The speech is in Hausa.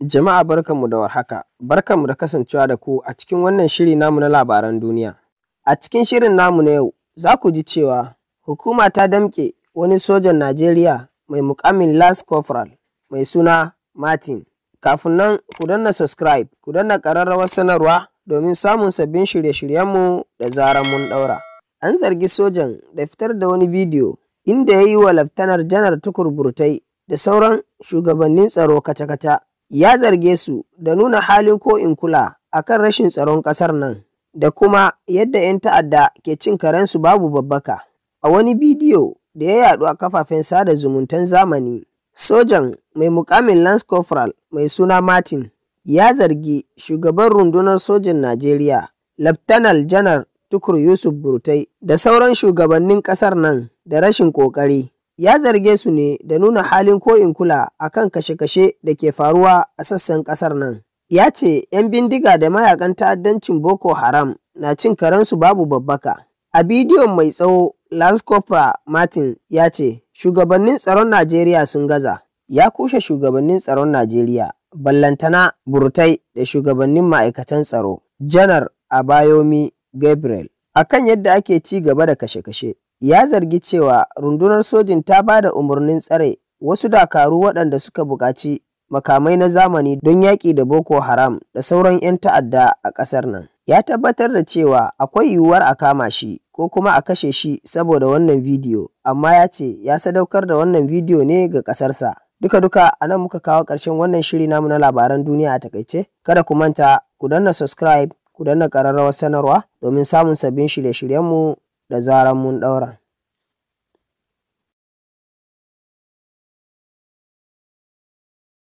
Jama'a barkanmu da warhaka, barkanmu da kasancewa da ku a cikin wannan shiri namu na labaran duniya. A cikin shirin namu na yau za ku ji cewa hukuma ta damƙe wani sojan Najeriya mai mukamin las Corporal mai suna Martin. Kafin nan ku danna subscribe, ku danna ƙararrawar sanarwa domin samun sabbin shirye-shiryenmu da zarar mun ɗaura. An zargi sojan da fitar da wani bidiyo inda ya yi wa Laftanar Janar Tukur Burtai da sauran shugabannin tsaro kaca-kaca ya zarge su da nuna halin ko in kula a kan rashin tsaron ƙasar nan da kuma yadda 'yan ta'adda ke cin karensu babu babbaka. A wani bidiyo da ya yaɗu a kafafen sada zumuntan zamani, sojan mai mukamin Lance Corporal mai suna Martin ya zargi shugaban rundunar sojan Najeriya, Laftanar Janar Tukur Yusuf Burtai da sauran shugabannin ƙasar nan da rashin ƙoƙari. ya zarge su ne da nuna halin ko'in kula a kan kashe-kashe da ke faruwa a sassan ƙasar nan. Ya ce 'yan bindiga da mayakan ta'addancin Boko Haram na cin karensu babu babbaka. A bidiyon mai tsawo, Lance Corporal Martin ya ce, Shugabannin tsaron Najeriya sun gaza. Ya kushe shugabannin tsaron Najeriya, ballantana burtai da shugabannin ma'aikatan tsaro, Janar Abayomi Gabriel, akan yadda ake ci gaba da kashe-kashe. ya zargi cewa rundunar sojin ta ba da umarnin tsare wasu dakaru waɗanda suka buƙaci makamai na zamani don yaƙi da Boko Haram da sauran 'yan ta'adda a ƙasar nan. Ya tabbatar da cewa akwai yiwuwar a kama shi ko kuma a kashe shi saboda wannan bidiyo, amma ya ce ya sadaukar da wannan bidiyo ne ga ƙasarsa. Duka-duka a nan muka kawo ƙarshen wannan shiri namu na labaran duniya a takaice. Kada ku manta ku danna subscribe, ku danna ƙararrawar sanarwa domin samun sabbin shirye-shiryenmu da zarar mun ɗaura.